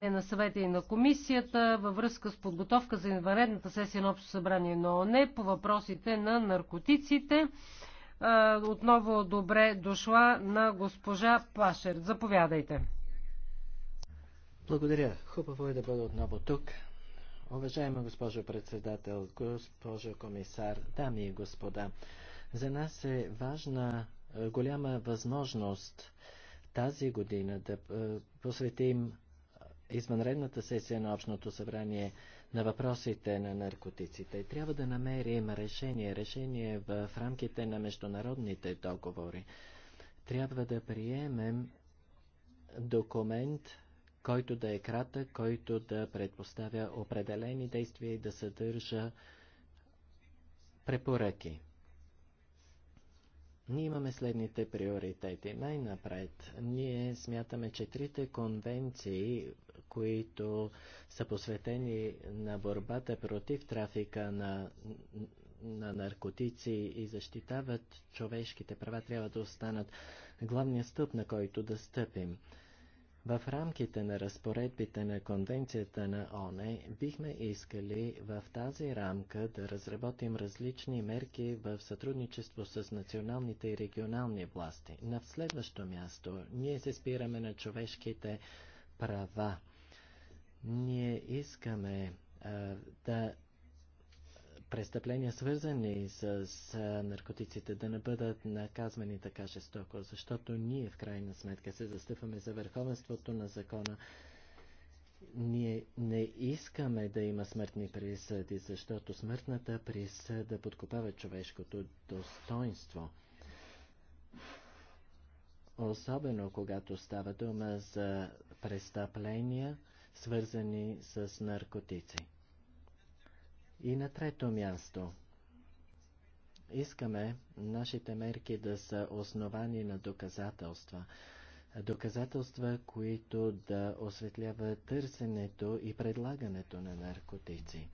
Е на съвета и на комисията във връзка с подготовка за инвалидната сесия на Общо събрание на ОНЕ по въпросите на наркотиците. Отново добре дошла на госпожа Плашер. Заповядайте. Благодаря. Хубаво е да бъда отново тук. Уважаема госпожо председател, госпожо комисар, дами и господа, за нас е важна голяма възможност тази година да посветим извънредната сесия на Общото събрание на въпросите на наркотиците. Трябва да намерим решение, решение в рамките на международните договори. Трябва да приемем документ, който да е кратък, който да предпоставя определени действия и да съдържа препоръки. Ние имаме следните приоритети. Най-напред, ние смятаме, че трите конвенции, които са посветени на борбата против трафика на, на наркотици и защитават човешките права, трябва да останат главния стъп, на който да стъпим. В рамките на разпоредбите на Конвенцията на ОНЕ бихме искали в тази рамка да разработим различни мерки в сътрудничество с националните и регионални власти. На следващо място ние се спираме на човешките права. Ние искаме а, да престъпления, свързани с, а, наркотиците, да не бъдат наказвани така жестоко, защото ние в крайна сметка се застъпваме за върховенството на закона. Ние не искаме да има смъртни присъди, защото смъртната присъда подкопава човешкото достоинство. Особено когато става дума за престъпления, свързани с наркотици. И на трето място. Искаме нашите мерки да са основани на доказателства. Доказателства, които да осветляват търсенето и предлагането на наркотици.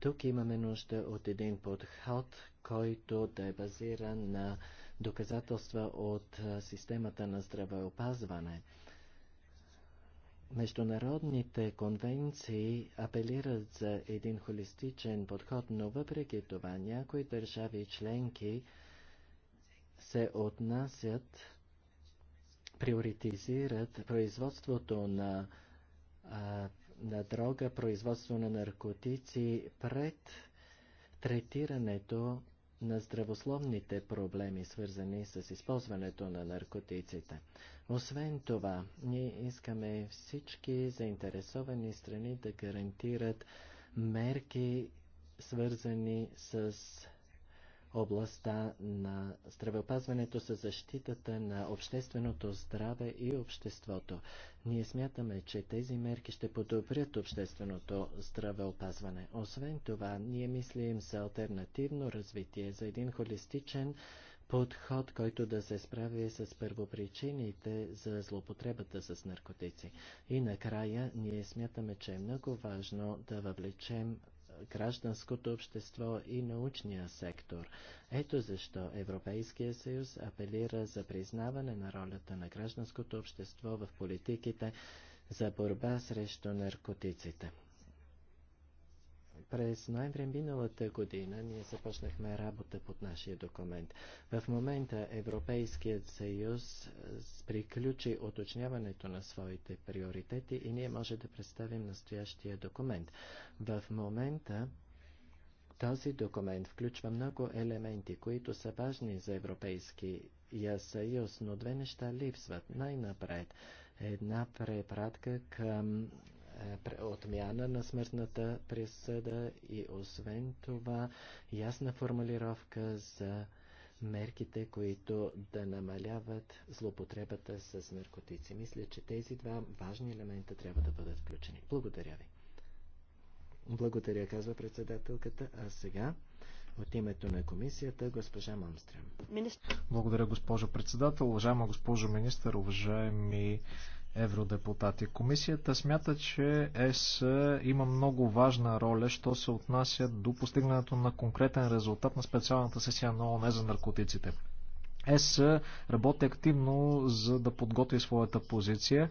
Тук имаме нужда от един подход, който да е базиран на доказателства от системата на здравеопазване. Международните конвенции апелират за един холистичен подход, но въпреки това някои държави и членки се отнасят, приоритизират производството на, а, на дрога, производство на наркотици пред третирането на здравословните проблеми, свързани с използването на наркотиците. Освен това, ние искаме всички заинтересовани страни да гарантират мерки, свързани с областта на здравеопазването са защитата на общественото здраве и обществото. Ние смятаме, че тези мерки ще подобрят общественото здравеопазване. Освен това, ние мислим за альтернативно развитие, за един холистичен подход, който да се справи с първопричините за злопотребата с наркотици. И накрая ние смятаме, че е много важно да въвлечем гражданското общество и научния сектор. Ето защо Европейския съюз апелира за признаване на ролята на гражданското общество в политиките за борба срещу наркотиците. През ноември миналата година ние започнахме работа под нашия документ. В момента Европейският съюз приключи уточняването на своите приоритети и ние може да представим настоящия документ. В момента този документ включва много елементи, които са важни за Европейския съюз, но две неща липсват. Най-напред една препратка към е, отмяна на смъртната присъда и освен това ясна формулировка за мерките, които да намаляват злопотребата с наркотици. Мисля, че тези два важни елемента трябва да бъдат включени. Благодаря ви. Благодаря, казва председателката. А сега от името на комисията госпожа Мамстрем. Благодаря, госпожо председател, уважаема госпожо министър, уважаеми евродепутати. Комисията смята, че ЕС има много важна роля, що се отнася до постигането на конкретен резултат на специалната сесия на ООН за наркотиците. ЕС работи активно за да подготви своята позиция.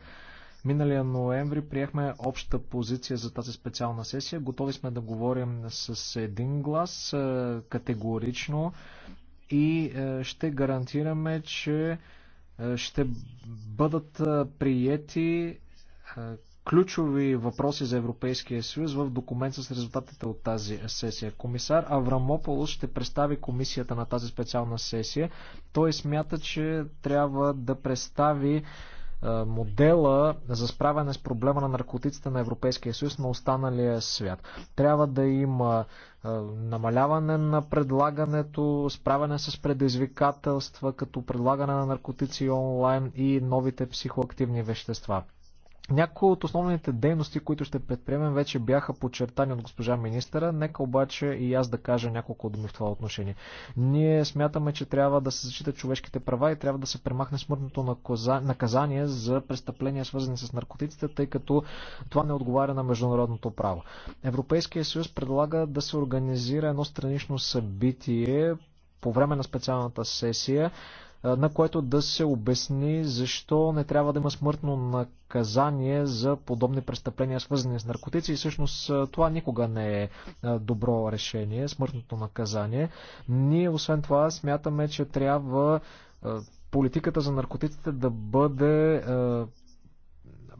Миналия ноември приехме обща позиция за тази специална сесия. Готови сме да говорим с един глас е, категорично и е, ще гарантираме, че е, ще бъдат е, приети е, ключови въпроси за Европейския съюз в документ с резултатите от тази сесия. Комисар Аврамополос ще представи комисията на тази специална сесия. Той смята, че трябва да представи е, модела за справяне с проблема на наркотиците на Европейския съюз на останалия свят. Трябва да има е, намаляване на предлагането, справяне с предизвикателства, като предлагане на наркотици онлайн и новите психоактивни вещества. Някои от основните дейности, които ще предприемем, вече бяха подчертани от госпожа министъра. Нека обаче и аз да кажа няколко думи в това отношение. Ние смятаме, че трябва да се зачитат човешките права и трябва да се премахне смъртното наказание за престъпления, свързани с наркотиците, тъй като това не отговаря на международното право. Европейския съюз предлага да се организира едно странично събитие по време на специалната сесия на което да се обясни защо не трябва да има смъртно наказание за подобни престъпления, свързани с наркотици. И всъщност това никога не е добро решение, смъртното наказание. Ние, освен това, смятаме, че трябва политиката за наркотиците да бъде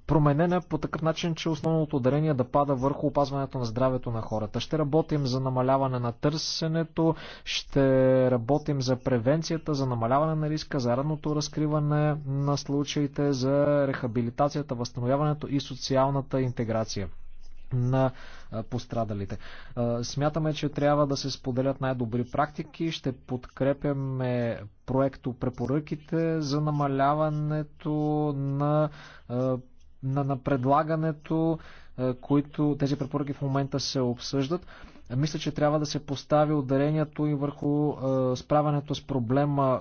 променена по такъв начин, че основното ударение да пада върху опазването на здравето на хората. Ще работим за намаляване на търсенето, ще работим за превенцията, за намаляване на риска, за ранното разкриване на случаите, за рехабилитацията, възстановяването и социалната интеграция на пострадалите. Смятаме, че трябва да се споделят най-добри практики. Ще подкрепяме проекто препоръките за намаляването на на, на предлагането, е, които тези препоръки в момента се обсъждат. Мисля, че трябва да се постави ударението и върху е, справянето с проблема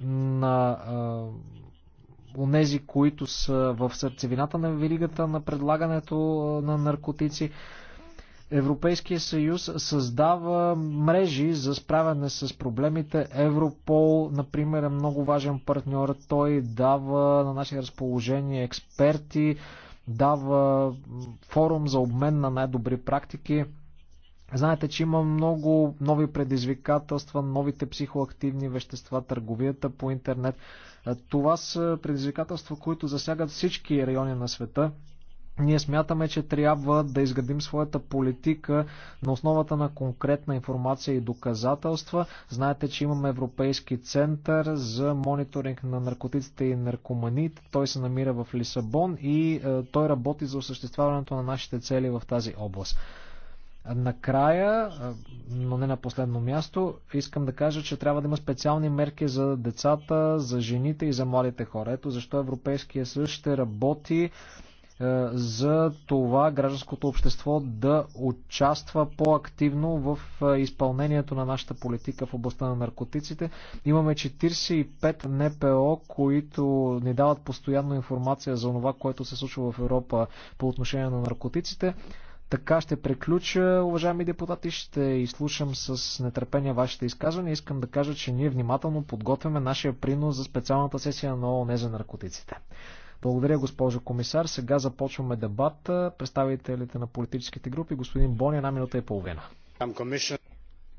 на е, онези, които са в сърцевината на веригата на предлагането на наркотици. Европейския съюз създава мрежи за справяне с проблемите. Европол, например, е много важен партньор. Той дава на наше разположение експерти, дава форум за обмен на най-добри практики. Знаете, че има много нови предизвикателства, новите психоактивни вещества, търговията по интернет. Това са предизвикателства, които засягат всички райони на света. Ние смятаме, че трябва да изградим своята политика на основата на конкретна информация и доказателства. Знаете, че имаме Европейски център за мониторинг на наркотиците и наркоманите. Той се намира в Лисабон и е, той работи за осъществяването на нашите цели в тази област. Накрая, е, но не на последно място, искам да кажа, че трябва да има специални мерки за децата, за жените и за младите хора. Ето защо Европейския съюз ще работи е, за това гражданското общество да участва по-активно в е, изпълнението на нашата политика в областта на наркотиците. Имаме 45 НПО, които ни дават постоянно информация за това, което се случва в Европа по отношение на наркотиците. Така ще приключа, уважаеми депутати, ще изслушам с нетърпение вашите изказвания. Искам да кажа, че ние внимателно подготвяме нашия принос за специалната сесия на ООН за наркотиците. Благодаря, госпожо комисар. Сега започваме дебата. Представителите на политическите групи, господин Бони, една минута и половина.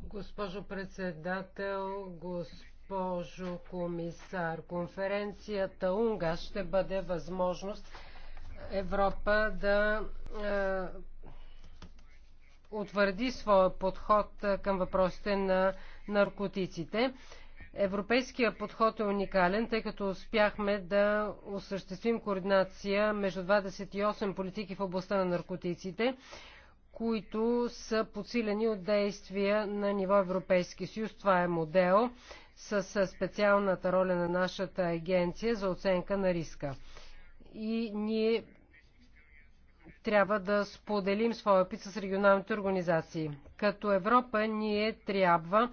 Госпожо председател, госпожо комисар, конференцията Унга ще бъде възможност Европа да е, утвърди своя подход към въпросите на наркотиците. Европейския подход е уникален, тъй като успяхме да осъществим координация между 28 политики в областта на наркотиците, които са подсилени от действия на ниво Европейски съюз. Това е модел с специалната роля на нашата агенция за оценка на риска. И ние трябва да споделим своя опит с регионалните организации. Като Европа ние трябва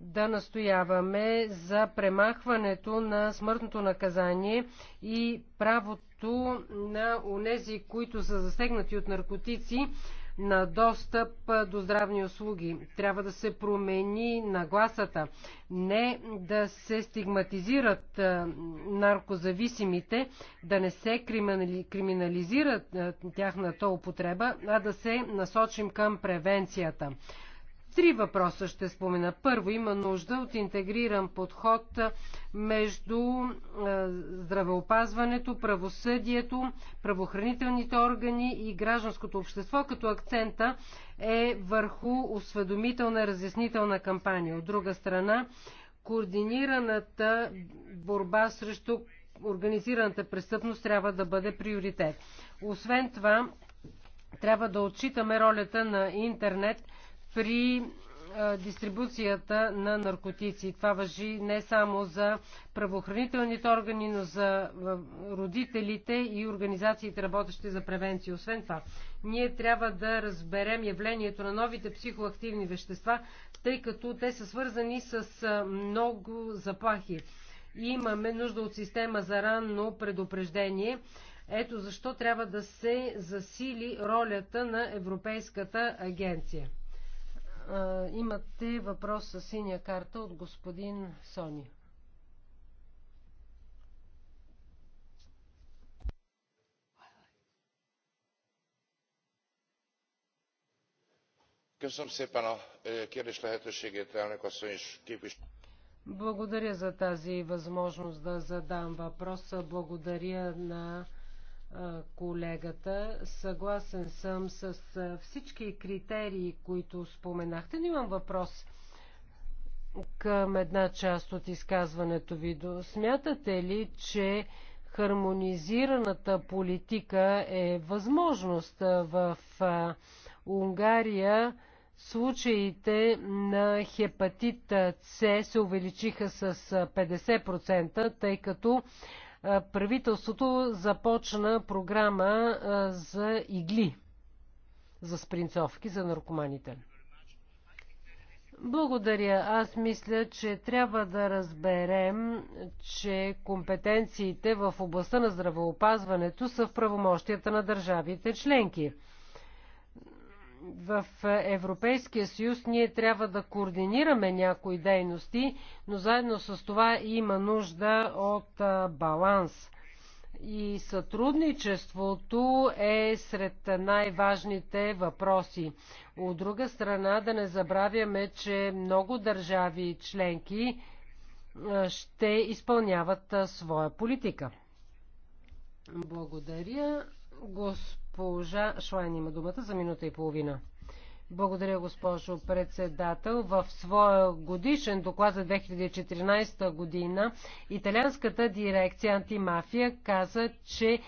да настояваме за премахването на смъртното наказание и правото на унези, които са засегнати от наркотици, на достъп до здравни услуги. Трябва да се промени нагласата, не да се стигматизират наркозависимите, да не се криминализират тяхната употреба, а да се насочим към превенцията. Три въпроса ще спомена. Първо, има нужда от интегриран подход между е, здравеопазването, правосъдието, правоохранителните органи и гражданското общество, като акцента е върху осведомителна разяснителна кампания. От друга страна, координираната борба срещу организираната престъпност трябва да бъде приоритет. Освен това, трябва да отчитаме ролята на интернет – при дистрибуцията на наркотици. Това въжи не само за правоохранителните органи, но за родителите и организациите, работещи за превенция. Освен това, ние трябва да разберем явлението на новите психоактивни вещества, тъй като те са свързани с много заплахи. Имаме нужда от система за ранно предупреждение. Ето защо трябва да се засили ролята на Европейската агенция а, имате въпрос с синя карта от господин Сони. Благодаря за тази възможност да задам въпроса. Благодаря на колегата. Съгласен съм с всички критерии, които споменахте, но имам въпрос към една част от изказването ви. Смятате ли, че хармонизираната политика е възможност в Унгария? Случаите на хепатит С се увеличиха с 50%, тъй като е, правителството започна програма е, за игли, за спринцовки, за наркоманите. Благодаря. Аз мисля, че трябва да разберем, че компетенциите в областта на здравеопазването са в правомощията на държавите членки в Европейския съюз ние трябва да координираме някои дейности, но заедно с това има нужда от баланс. И сътрудничеството е сред най-важните въпроси. От друга страна, да не забравяме, че много държави членки ще изпълняват своя политика. Благодаря, господин Госпожа Шлайн има думата за минута и половина. Благодаря, госпожо председател. В своя годишен доклад за 2014 година италианската дирекция антимафия каза, че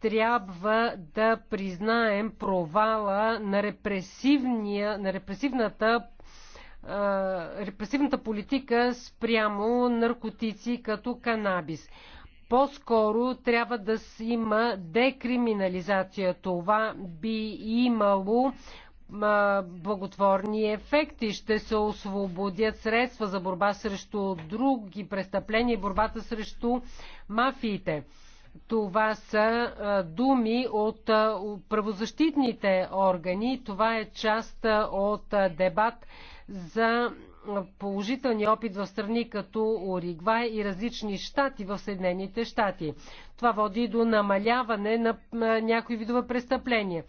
трябва да признаем провала на, репресивния, на репресивната репресивната политика спрямо наркотици като канабис. По-скоро трябва да си има декриминализация. Това би имало благотворни ефекти. Ще се освободят средства за борба срещу други престъпления и борбата срещу мафиите. Това са думи от правозащитните органи. Това е част от дебат за положителния опит в страни като Оригвай и различни щати в Съединените щати. Това води до намаляване на някои видове престъпления.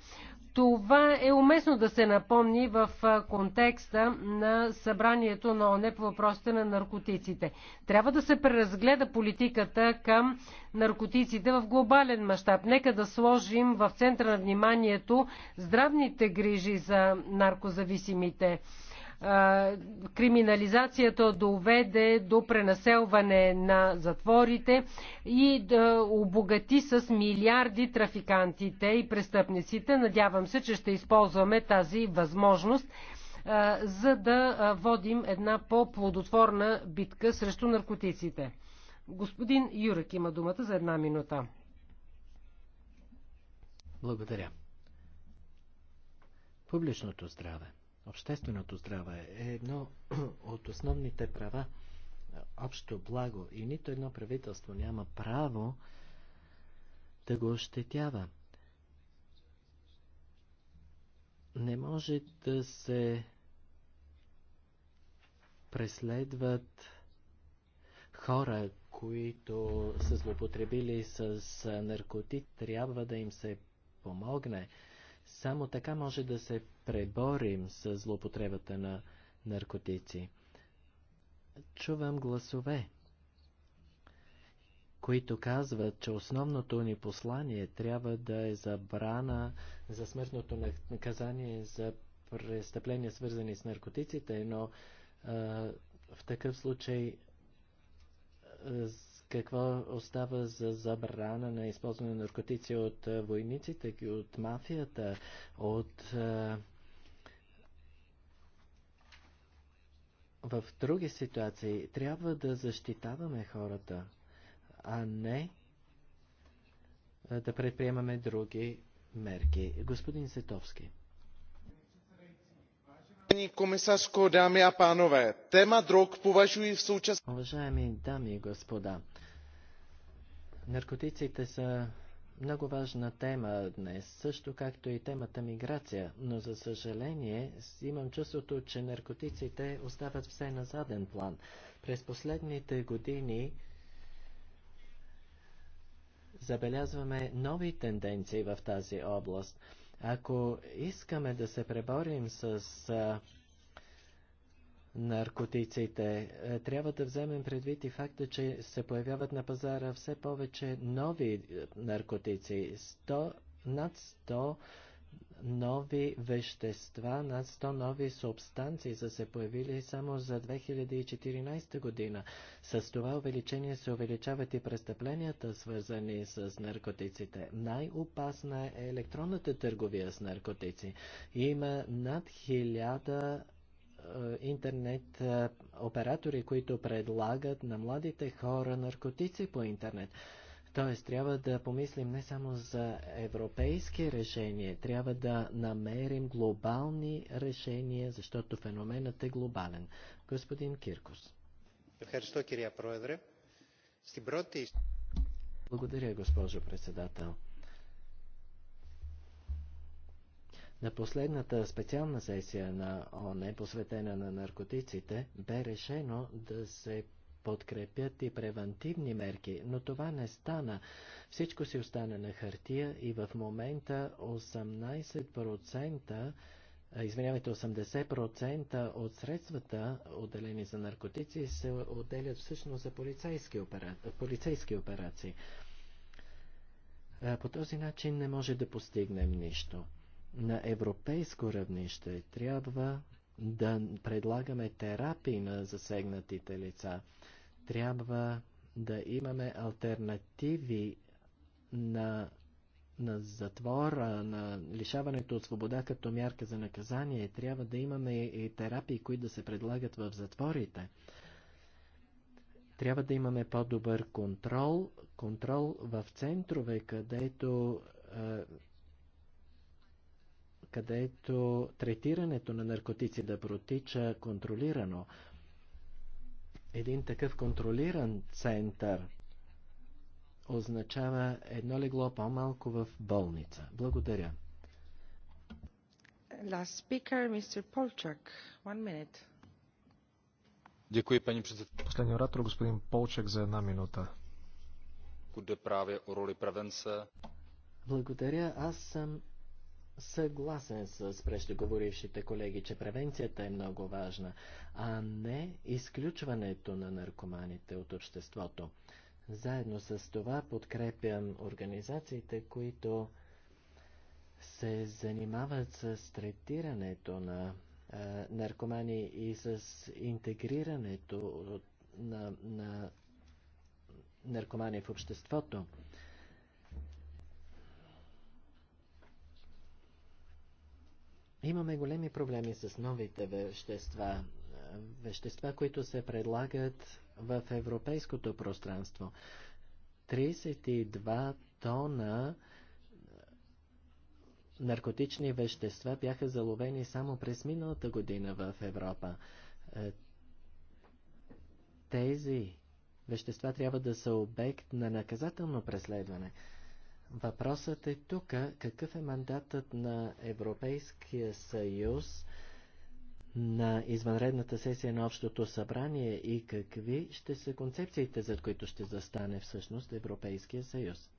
Това е уместно да се напомни в контекста на събранието на ОНЕ по въпросите на наркотиците. Трябва да се преразгледа политиката към наркотиците в глобален мащаб. Нека да сложим в центъра на вниманието здравните грижи за наркозависимите криминализацията доведе до пренаселване на затворите и да обогати с милиарди трафикантите и престъпниците. Надявам се, че ще използваме тази възможност за да водим една по-плодотворна битка срещу наркотиците. Господин Юрек има думата за една минута. Благодаря. Публичното здраве. Общественото здраве е едно от основните права, е, общо благо и нито едно правителство няма право да го ощетява. Не може да се преследват хора, които са злоупотребили с наркотик, трябва да им се помогне. Само така може да се преборим с злоупотребата на наркотици. Чувам гласове, които казват, че основното ни послание трябва да е забрана за смъртното наказание за престъпления, свързани с наркотиците, но а, в такъв случай какво остава за забрана на използване на наркотици от войниците, от мафията, от в други ситуации трябва да защитаваме хората, а не да предприемаме други мерки. Господин Сетовски paní komisařko dámy a pánové téma drog považuji v současné. уважаеми дами и господа наркотиците са много важна тема днес, също както и темата миграция, но за съжаление имам чувството, че наркотиците остават все на заден план. През последните години забелязваме нови тенденции в тази област – ако искаме да се преборим с а, наркотиците, е, трябва да вземем предвид и факта, че се появяват на пазара все повече нови е, наркотици. 100, над 100 нови вещества, над 100 нови субстанции са се появили само за 2014 година. С това увеличение се увеличават и престъпленията, свързани с наркотиците. Най-опасна е електронната търговия с наркотици. Има над 1000 е, интернет е, оператори, които предлагат на младите хора наркотици по интернет. Тоест, трябва да помислим не само за европейски решения, трябва да намерим глобални решения, защото феноменът е глобален. Господин Киркос. Благодаря, госпожо председател. На последната специална сесия на ОНЕ, посветена на наркотиците, бе решено да се подкрепят и превентивни мерки, но това не стана. Всичко си остана на хартия и в момента 18% Извинявайте, 80% от средствата, отделени за наркотици, се отделят всъщност за полицейски, опера... полицейски операции. По този начин не може да постигнем нищо. На европейско равнище трябва да предлагаме терапии на засегнатите лица. Трябва да имаме альтернативи на, на затвора, на лишаването от свобода като мярка за наказание. Трябва да имаме и терапии, които да се предлагат в затворите. Трябва да имаме по-добър контрол, контрол в центрове, където е, където третирането на наркотици да протича контролирано един такъв контролиран център означава едно легло по-малко в болница. Благодаря. Last speaker, Mr. Polchak. One minute. Děkuji, paní předsedkyně. Poslední orátor, господин Полчак, за една минута. Куде правя о роли превенция? Благодаря. Аз съм съгласен с преждеговорившите колеги, че превенцията е много важна, а не изключването на наркоманите от обществото. Заедно с това подкрепям организациите, които се занимават с третирането на е, наркомани и с интегрирането на, на наркомани в обществото. Имаме големи проблеми с новите вещества, е, вещества, които се предлагат в европейското пространство. 32 тона е, наркотични вещества бяха заловени само през миналата година в Европа. Е, тези вещества трябва да са обект на наказателно преследване. Въпросът е тук какъв е мандатът на Европейския съюз на извънредната сесия на Общото събрание и какви ще са концепциите, за които ще застане всъщност Европейския съюз.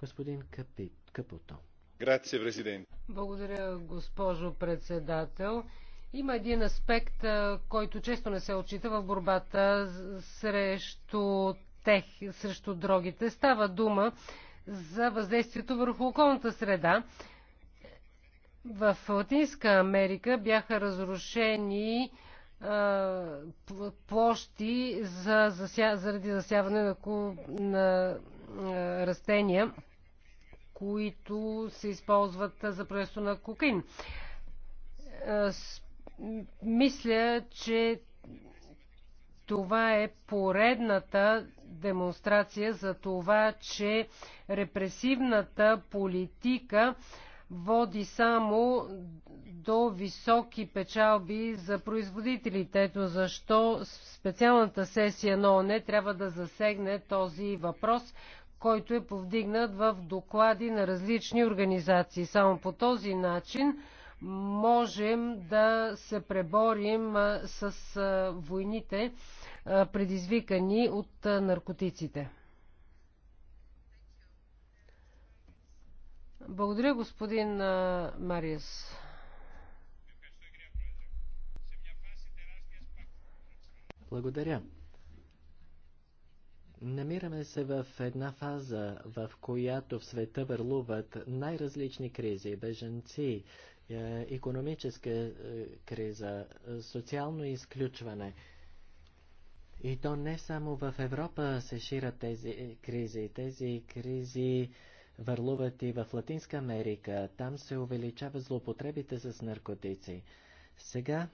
Господин Капи, Капуто. Грация, президент. Благодаря, госпожо председател. Има един аспект, който често не се отчита в борбата срещу тех, срещу дрогите. Става дума за въздействието върху околната среда. В Латинска Америка бяха разрушени площи за, зася, заради засяване на, на растения, които се използват за производство на кокаин. мисля, че това е поредната демонстрация за това, че репресивната политика води само до високи печалби за производителите. Ето защо специалната сесия на ОНЕ трябва да засегне този въпрос, който е повдигнат в доклади на различни организации. Само по този начин можем да се преборим с войните, предизвикани от наркотиците. Благодаря, господин Мариас. Благодаря. Намираме се в една фаза, в която в света върлуват най-различни кризи, беженци, е, економическа е, криза, е, социално изключване. И то не само в Европа се шират тези кризи. Тези кризи върлуват и в Латинска Америка. Там се увеличава злоупотребите с наркотици. Сега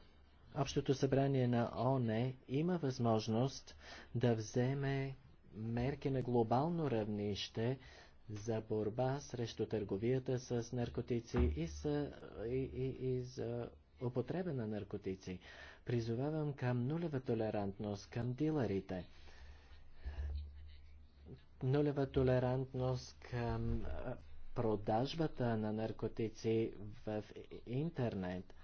Общото събрание на ОНЕ има възможност да вземе мерки на глобално равнище за борба срещу търговията с наркотици и, са, и, и, и за употреба на наркотици. Призовавам към нулева толерантност към дилерите. Нулева толерантност към продажбата на наркотици в интернет.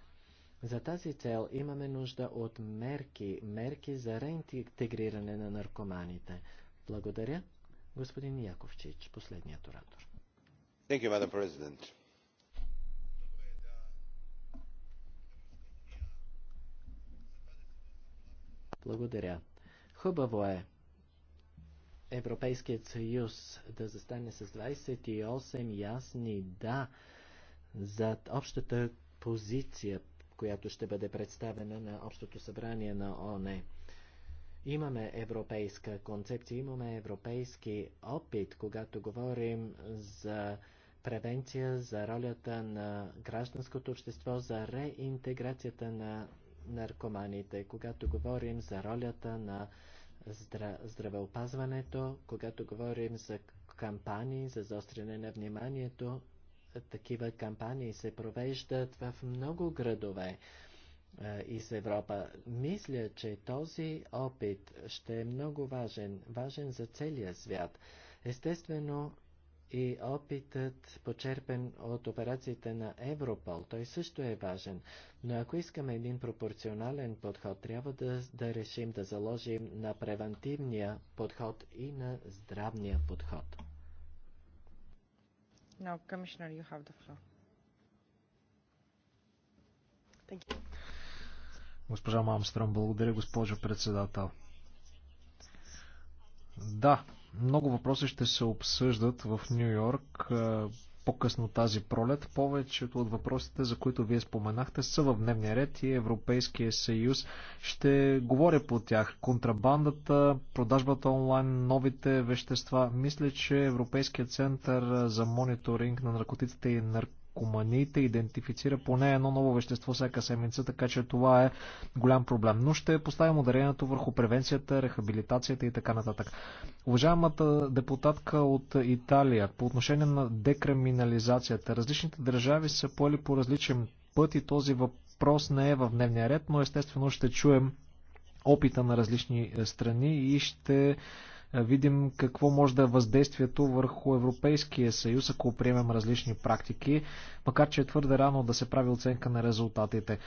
За тази цел имаме нужда от мерки, мерки за реинтегриране на наркоманите. Благодаря. Господин Яковчич, последният оратор. Thank you, Madam President. Благодаря. Хубаво е Европейският съюз да застане с 28 ясни да за общата позиция, която ще бъде представена на Общото събрание на ОНЕ. Имаме европейска концепция, имаме европейски опит, когато говорим за превенция, за ролята на гражданското общество, за реинтеграцията на наркоманите, когато говорим за ролята на здра... здравеопазването, когато говорим за кампании, за заостряне на вниманието, такива кампании се провеждат в много градове из Европа. Мисля, че този опит ще е много важен, важен за целия свят. Естествено, и опитът, почерпен от операциите на Европол, той също е важен. Но ако искаме един пропорционален подход, трябва да, да решим да заложим на превентивния подход и на здравния подход. Now, Commissioner, you have the floor. Thank you. Госпожа Мамстрам, благодаря, госпожо председател. Да, много въпроси ще се обсъждат в Нью Йорк по-късно тази пролет. Повечето от въпросите, за които вие споменахте, са в дневния ред и Европейския съюз ще говори по тях. Контрабандата, продажбата онлайн, новите вещества. Мисля, че Европейския център за мониторинг на наркотиците и нарк наркоманиите, идентифицира поне едно ново вещество всяка седмица, така че това е голям проблем. Но ще поставим ударението върху превенцията, рехабилитацията и така нататък. Уважаемата депутатка от Италия, по отношение на декриминализацията, различните държави са поели по различен път и този въпрос не е в дневния ред, но естествено ще чуем опита на различни страни и ще е, видим какво може да е въздействието върху Европейския съюз, ако приемем различни практики, макар че е твърде рано да се прави оценка на резултатите.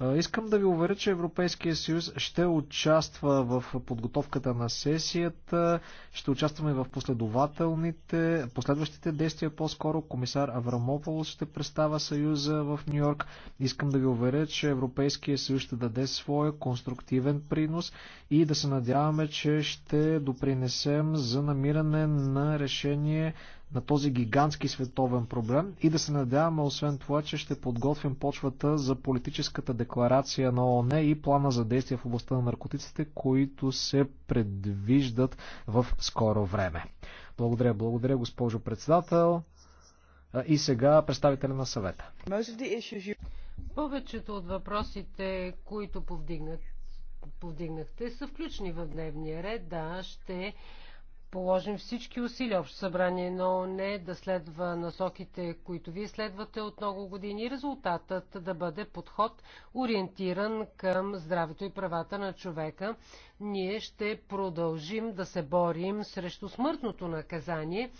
Е, искам да ви уверя, че Европейския съюз ще участва в подготовката на сесията, ще участваме в последователните, последващите действия по-скоро. Комисар Аврамопол ще представя съюза в Нью Йорк. Искам да ви уверя, че Европейския съюз ще даде своя конструктивен принос и да се надяваме, че ще допринесе допринесем за намиране на решение на този гигантски световен проблем и да се надяваме, освен това, че ще подготвим почвата за политическата декларация на ООН и плана за действия в областта на наркотиците, които се предвиждат в скоро време. Благодаря, благодаря, госпожо председател. И сега представителя на съвета. Повечето от въпросите, които повдигнат повдигнахте, са включени в дневния ред. Да, ще положим всички усилия. Общо събрание но не да следва насоките, които вие следвате от много години. Резултатът да бъде подход ориентиран към здравето и правата на човека. Ние ще продължим да се борим срещу смъртното наказание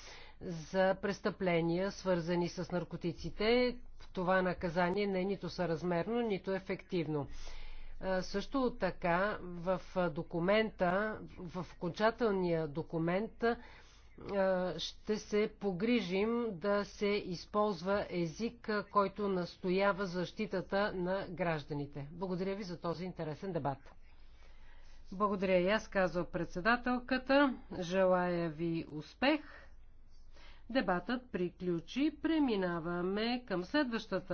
за престъпления, свързани с наркотиците. Това наказание не е нито съразмерно, нито ефективно. Също така в документа, в окончателния документ ще се погрижим да се използва език, който настоява защитата на гражданите. Благодаря ви за този интересен дебат. Благодаря и аз, казва председателката. Желая ви успех. Дебатът приключи. Преминаваме към следващата